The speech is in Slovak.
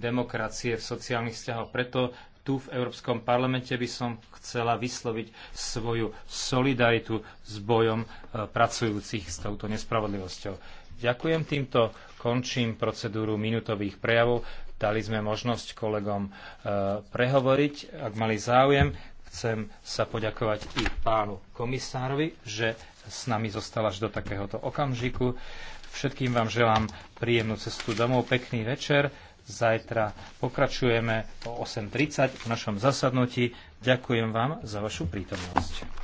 demokracie v sociálnych vzťahoch. Preto tu v Európskom parlamente by som chcela vysloviť svoju solidaritu s bojom e, pracujúcich s touto nespravodlivosťou. Ďakujem týmto, končím procedúru minútových prejavov. Dali sme možnosť kolegom e, prehovoriť, ak mali záujem. Chcem sa poďakovať i pánu komisárovi, že s nami zostal až do takéhoto okamžiku. Všetkým vám želám príjemnú cestu domov, pekný večer. Zajtra pokračujeme o 8.30 v našom zasadnutí. Ďakujem vám za vašu prítomnosť.